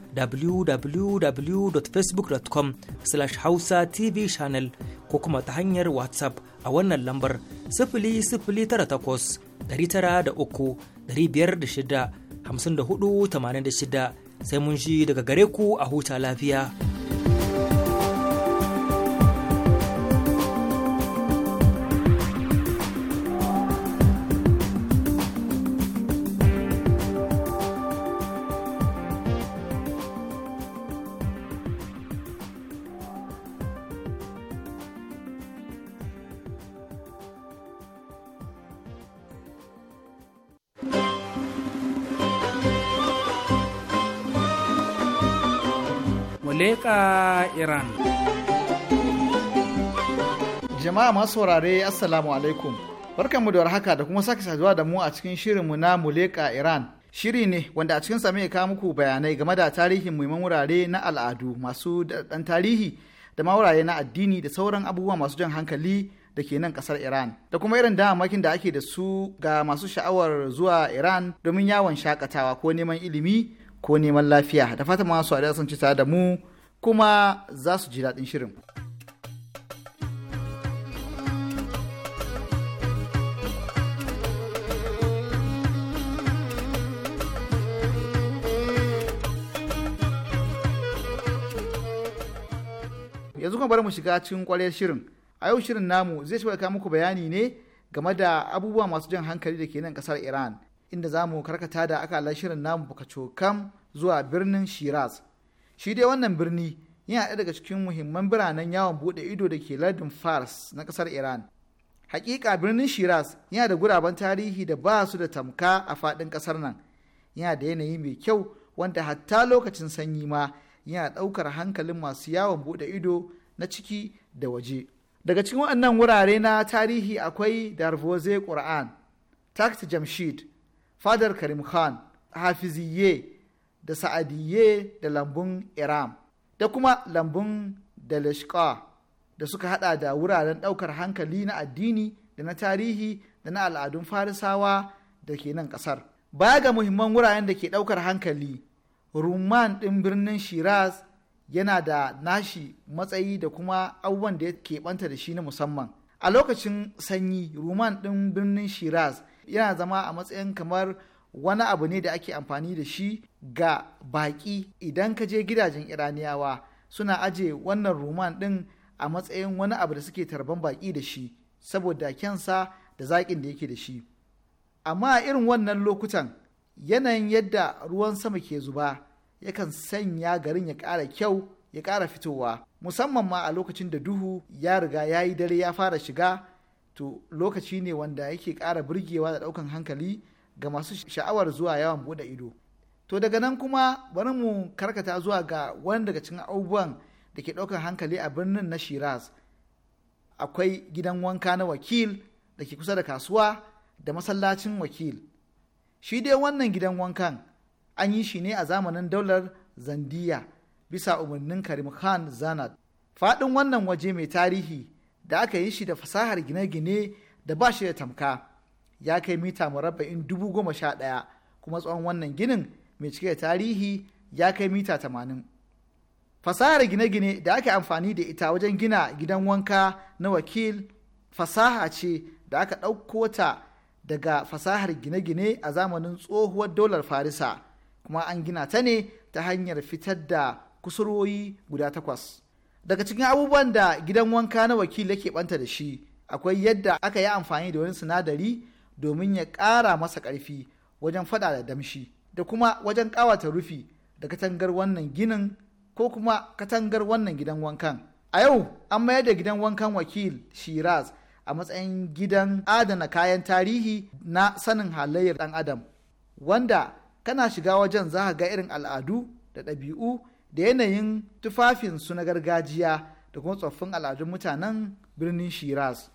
Speaker 1: www.facebook.com slash hausa tv channel ko kuma ta hanyar whatsapp a wannan lambar 00983 506 shida sai mun shi daga gare ku a huta lafiya. iran
Speaker 3: jama'a masu saurare assalamu alaikum barkanmu da warhaka da kuma sake saduwa da mu a cikin shirinmu na muleka iran shiri ne wanda a cikin sa mai kawo muku bayanai game da tarihin muhimman wurare na al'adu masu dan tarihi da ma wurare na addini da sauran abubuwa masu jan hankali da ke nan kasar Iran da kuma irin damakin da ake da su ga masu sha'awar zuwa Iran domin yawon shakatawa ko neman ilimi ko neman lafiya da fata masu a da da mu kuma za su ji daɗin shirin. yanzu kuma bari mu shiga cikin kwarar shirin a yau shirin namu zai shi muku bayani ne game da abubuwa masu jan hankali da ke nan ƙasar iran inda za mu karkata da akalar shirin namu baka zuwa birnin shiraz shi dai wannan birni yana ɗaya daga cikin muhimman biranen yawon buɗe ido da ke lardin fars na ƙasar iran hakika birnin Shiras yana da guraben tarihi da ba su da tamka a faɗin ƙasar nan yana da yanayi mai kyau wanda hatta lokacin sanyi ma yana ɗaukar hankalin masu yawon buɗe ido na ciki da waje. Daga cikin waɗannan wurare na tarihi akwai Darvoze Qur'an, Takta Jamshid, Fadar Karim Khan, Hafiziyye, da sa'adiyye da lambun iram da kuma lambun dalashqa da suka hada da wuraren daukar hankali na addini da na tarihi da na al'adun farisawa da ke nan kasar baya ga muhimman wuraren da ke daukar hankali rumman din birnin shiraz yana da nashi matsayi da kuma abubuwan da ya keɓanta da shi na musamman a lokacin sanyi rumman din birnin shiraz yana zama a matsayin kamar wani abu ne da ake amfani da shi ga baƙi idan ka je gidajen iraniyawa suna aje wannan roman ɗin a matsayin wani abu da suke tarban baƙi da shi saboda kyansa da zaƙin da yake da shi amma a irin wannan lokutan yanayin yadda ruwan sama ke zuba yakan sanya garin ya ƙara kyau ya ƙara fitowa musamman ma a lokacin da duhu ya riga ya yi dare ya fara shiga to lokaci ne wanda yake ƙara burgewa da ɗaukan hankali ga masu sha'awar zuwa yawon bude ido to daga nan kuma bari mu karkata zuwa ga wani daga cikin abubuwan da ke ɗaukar hankali a birnin na shiraz akwai gidan wanka na wakil da ke kusa da kasuwa da masallacin wakil shi dai wannan gidan wankan an yi shi ne a zamanin daular zandiya bisa umarnin karim khan zanat faɗin wannan waje mai tarihi da aka yi shi da fasahar gine-gine da ba shi da tamka ya kai mita murabba'in dubu goma sha ɗaya kuma tsawon wannan ginin mai cike da tarihi ya kai mita tamanin. Fasahar gine-gine da aka amfani da ita wajen gina gidan wanka na wakil fasaha ce da aka ɗauko ta daga fasahar gine-gine a zamanin tsohuwar dolar Farisa kuma an gina ta ne ta hanyar fitar da kusurwoyi guda takwas. Daga cikin abubuwan da gidan wanka na wakil yake ɓanta da shi akwai yadda aka yi amfani da wani sinadari domin ya ƙara masa ƙarfi wajen faɗa da damshi da kuma wajen ƙawata rufi da katangar wannan ginin ko kuma katangar wannan gidan wankan a yau an mayar da gidan wankan wakil shiraz a matsayin gidan adana kayan tarihi na sanin halayyar ɗan adam wanda kana shiga wajen za ga irin al'adu da ɗabi'u da yanayin tufafinsu na gargajiya da kuma tsoffin al'adun mutanen birnin shiraz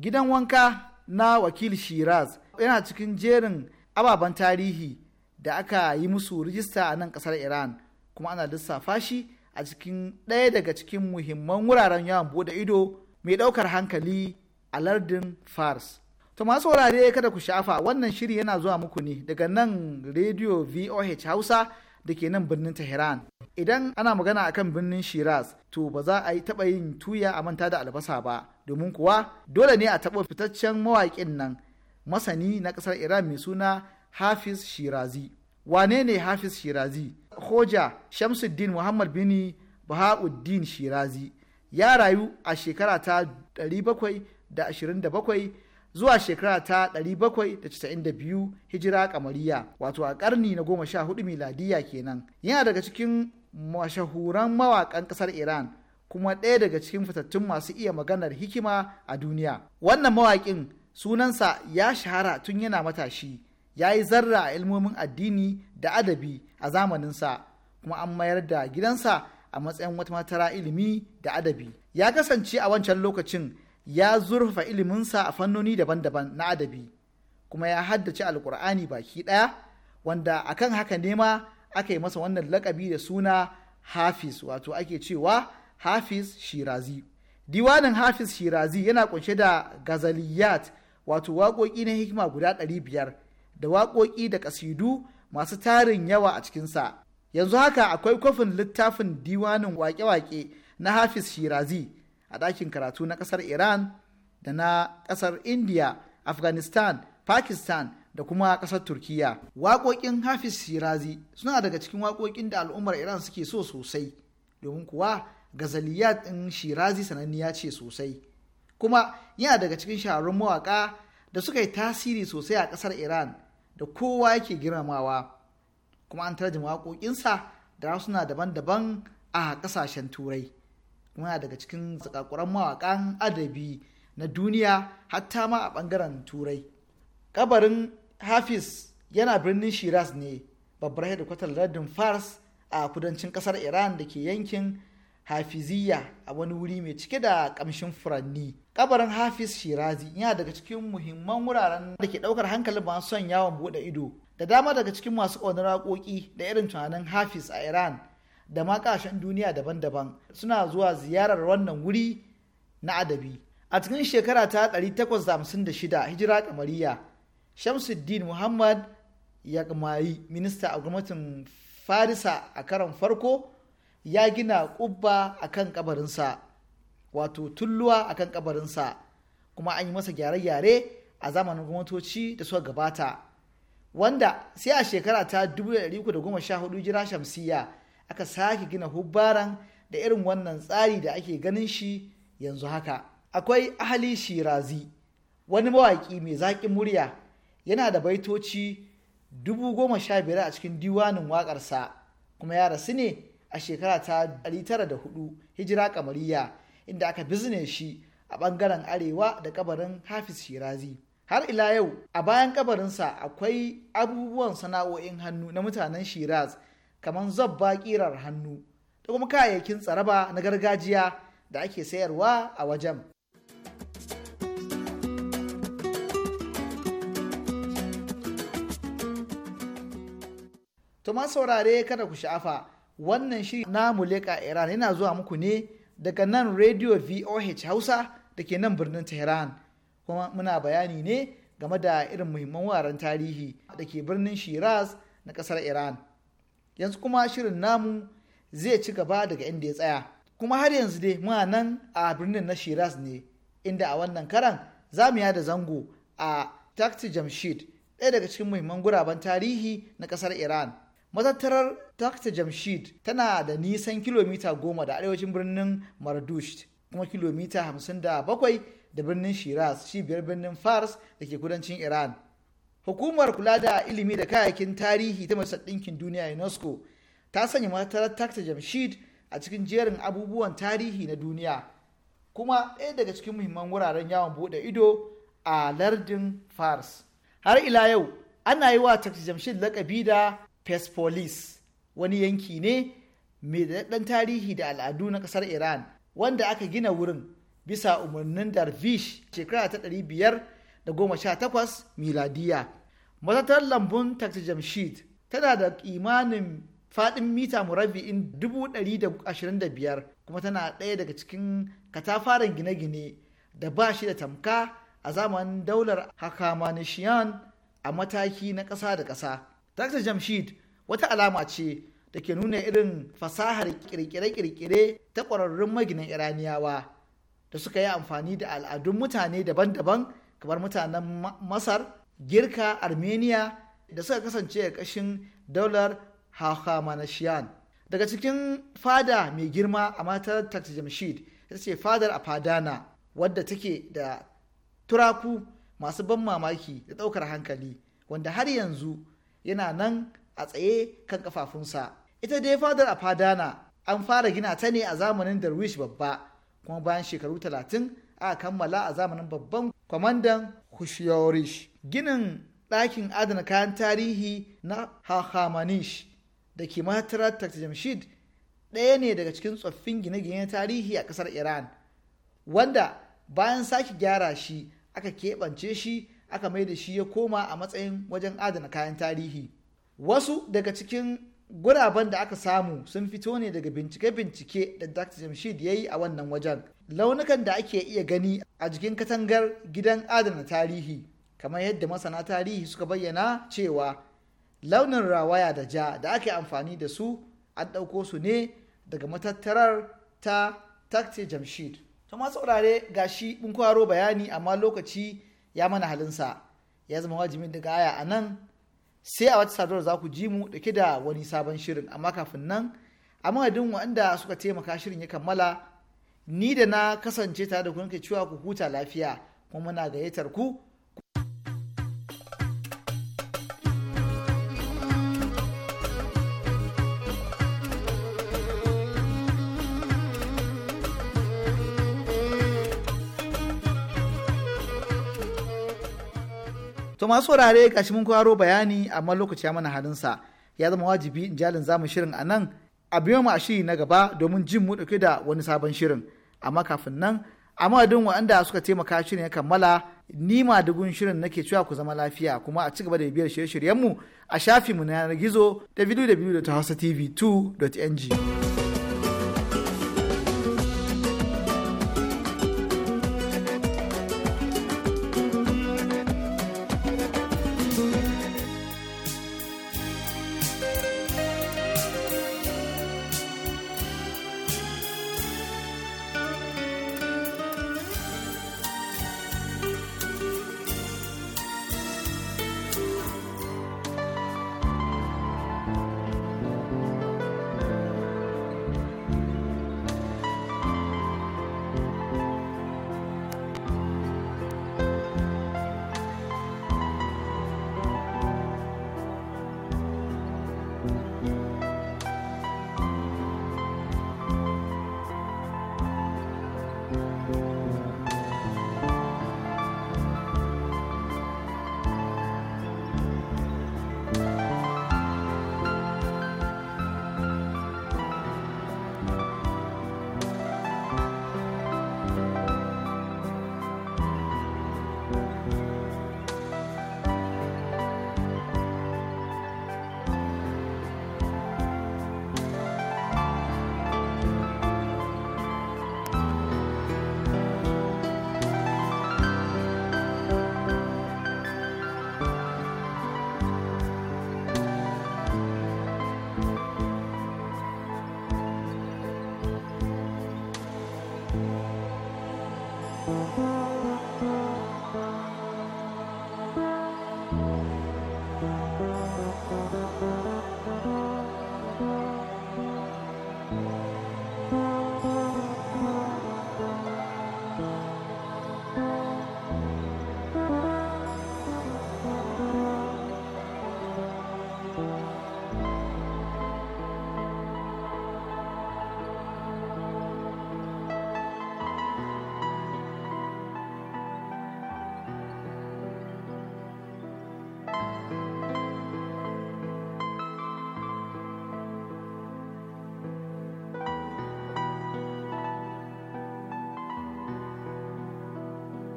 Speaker 3: gidan wanka na wakil shiraz yana cikin jerin ababen tarihi da aka yi musu rijista a nan kasar iran kuma ana lissafa shi a cikin ɗaya daga cikin muhimman wuraren yawon bude ido mai ɗaukar hankali a lardin fars to masu wurare kada ku sha'afa wannan shiri yana zuwa muku ne daga nan rediyo voh hausa da ke nan birnin Tehran. Idan ana magana akan birnin Shiraz, to ba za a yi taɓa yin tuya a manta da albasa ba, domin kuwa dole ne a taɓa fitaccen mawaƙin nan masani na ƙasar Iran mai suna Hafiz Shirazi. Wane ne Hafiz Shirazi? Hoja Shamsuddin Muhammad Bini Bahauddin Shirazi ya rayu a shekara ta 727 zuwa shekara ta 792 hijira kamariya wato a karni na 14 miladiya kenan yana daga cikin mashahuran mawakan kasar iran kuma ɗaya daga cikin fitattun masu iya maganar hikima a duniya wannan mawakin sunansa ya shahara tun yana matashi ya yi zarra a ilmomin addini da adabi a zamaninsa kuma an mayar da gidansa a matsayin wata matara ilimi da adabi ya kasance a wancan lokacin ya zurfafa iliminsa a fannoni daban-daban na adabi kuma ya haddace alkur'ani baki ɗaya wanda akan haka nema aka yi masa wannan lakabi da suna hafiz wato ake cewa hafiz shirazi diwanin hafiz shirazi yana kunshe da gazaliyat wato waƙoƙi na hikima guda ɗari biyar da waƙoƙi da ƙasidu masu tarin yawa a cikinsa yanzu haka akwai kwafin littafin diwanin waƙe-waƙe na hafiz shirazi a ɗakin karatu na ƙasar iran da na ƙasar india afghanistan pakistan da kuma ƙasar Turkiyya. waƙoƙin hafiz shirazi suna daga cikin waƙoƙin da al'ummar iran suke so sosai domin kuwa gazaliyat ɗin shirazi sananniya ce sosai kuma yana daga cikin shahararrun mawaƙa da suka yi tasiri sosai a ƙasar iran da kowa yake girmamawa kuma an tarjima waƙoƙinsa da suna daban-daban a ƙasashen turai Muna daga cikin zakakuran mawakan adabi na duniya hatta ma a ɓangaren turai kabarin hafiz yana birnin shiraz ne babbar hedikwatar lardin fars a kudancin ƙasar iran da ke yankin hafiziya a wani wuri mai cike da ƙamshin furanni Ƙabarin hafiz shirazi yana daga cikin muhimman wuraren da ke ɗaukar hankalin masu son yawon buɗe ido da dama daga cikin masu ƙaunar waƙoƙi da irin tunanin hafiz a iran da ma duniya daban-daban suna zuwa ziyarar wannan wuri na adabi a cikin shekara ta 856 hijira kamariya shamsuddin muhammad ya kamari minista a gwamnatin farisa a karon farko ya gina kubba a kan kabarinsa wato tulluwa a kan kabarinsa kuma an yi masa gyare-gyare a zamanin gwamnatoci da suka gabata wanda sai a shekara ta 1314 jira shamsiya aka sake gina hubbaran da irin wannan tsari da ake ganin shi yanzu haka akwai ahali shirazi wani mawaƙi mai zaƙin murya yana da baitoci dubu goma sha biyar a cikin diwanin waƙarsa kuma ya rasu ne a shekara ta tara da 904 hijira kamariya inda aka bizne shi a ɓangaren arewa da kabarin hafiz shirazi har ila yau a bayan kabarinsa akwai abubuwan sana'o'in hannu na mutanen shiraz kamar zabba ƙirar hannu da kuma kayayyakin tsaraba na gargajiya da ake sayarwa a wajen. tuma saurare kada ku sha'afa wannan shiri na muleka Iran yana zuwa muku ne daga nan Radio VOH Hausa da ke nan birnin Tehran. Kuma muna bayani ne game da irin muhimman wuraren tarihi da ke birnin Shiraz na ƙasar Iran. yanzu kuma shirin namu zai ci gaba daga inda ya tsaya kuma har yanzu dai muna nan a birnin na shiraz ne inda a wannan karan za mu yada zango a takti jamshid ɗaya daga cikin muhimman guraben tarihi na ƙasar iran matattarar takti jamshid tana da nisan kilomita goma da arewacin birnin mardush kuma kilomita hamsin da bakwai da birnin shiraz cibiyar birnin fars da ke kudancin iran hukumar kula da ilimi da kayayyakin tarihi ta masar ɗinkin duniya unesco ta sanya matarar takta jamshid a cikin jerin abubuwan tarihi na duniya kuma ɗaya daga cikin muhimman wuraren yawon buɗe ido a lardin fars har ila yau ana yi wa takta jamshid lakabi da pespolis wani yanki ne mai daɗaɗɗen tarihi da al'adu na ƙasar iran wanda aka gina wurin bisa umarnin darvish shekara ta ɗari biyar da goma sha takwas miladiya. Matatar lambun taxi Jamshid tana da kimanin faɗin mita murabbi'in dubu ɗari da ashirin da biyar kuma tana ɗaya daga cikin katafaren gine-gine da ba shi da tamka a zamanin daular Hakamanishiyan a mataki na ƙasa da ƙasa. taxi Jamshid wata alama ce da ke nuna irin fasahar kirkire-kirkire ta ƙwararrun maginan iraniyawa da suka yi amfani da al'adun mutane daban-daban kamar mutanen masar girka armenia da suka kasance a ƙashin daular hakamanashiyan daga cikin fada mai girma a matar taksijamshid ita ce fadar a fadana wadda take da turaku masu ban mamaki da ɗaukar hankali wanda har yanzu yana nan a tsaye kan kafafunsa ita dai fadar a fadana an fara gina ta ne a zamanin darwish babba kuma bayan shekaru talatin a kammala a zamanin babban kwamandan Hushiyorish. Ginin ɗakin adana kayan tarihi na Hahamanish da ke matarar Jamshid ɗaya ne daga cikin tsoffin gine gine tarihi a ƙasar Iran, wanda bayan sake gyara shi aka keɓance shi aka mai da shi ya koma a matsayin wajen adana kayan tarihi. Wasu daga cikin guraben da aka samu sun fito ne daga bincike-bincike da dr jamshid ya yi a wannan wajen launukan da ake iya gani a jikin katangar gidan adana tarihi kamar yadda masana tarihi suka bayyana cewa launin rawaya da ja da ake amfani da su an ɗauko su ne daga matattarar ta takte jamshid to masu saurare ga shi mun kwaro bayani amma lokaci ya mana halinsa ya zama wajibin daga aya a nan sai a wata sadarwar za ku ji mu dake da wani sabon shirin amma kafin nan a madadin wanda suka taimaka shirin ya kammala ni da na kasance tare da ku cewa ku huta lafiya kuma muna gayyatar ku to masu wurare gashi mun kwaro bayani amma lokaci ya mana sa ya zama wajibi in jalin zamu shirin a nan a biyo mu a shiri na gaba domin jin mu dauke da wani sabon shirin amma kafin nan a madadin waɗanda suka taimaka shirin ya kammala ni ma dugun shirin nake cewa ku zama lafiya kuma a cigaba da biyar shirye-shiryenmu a shafinmu na yanar gizo www.hausatv2.ng.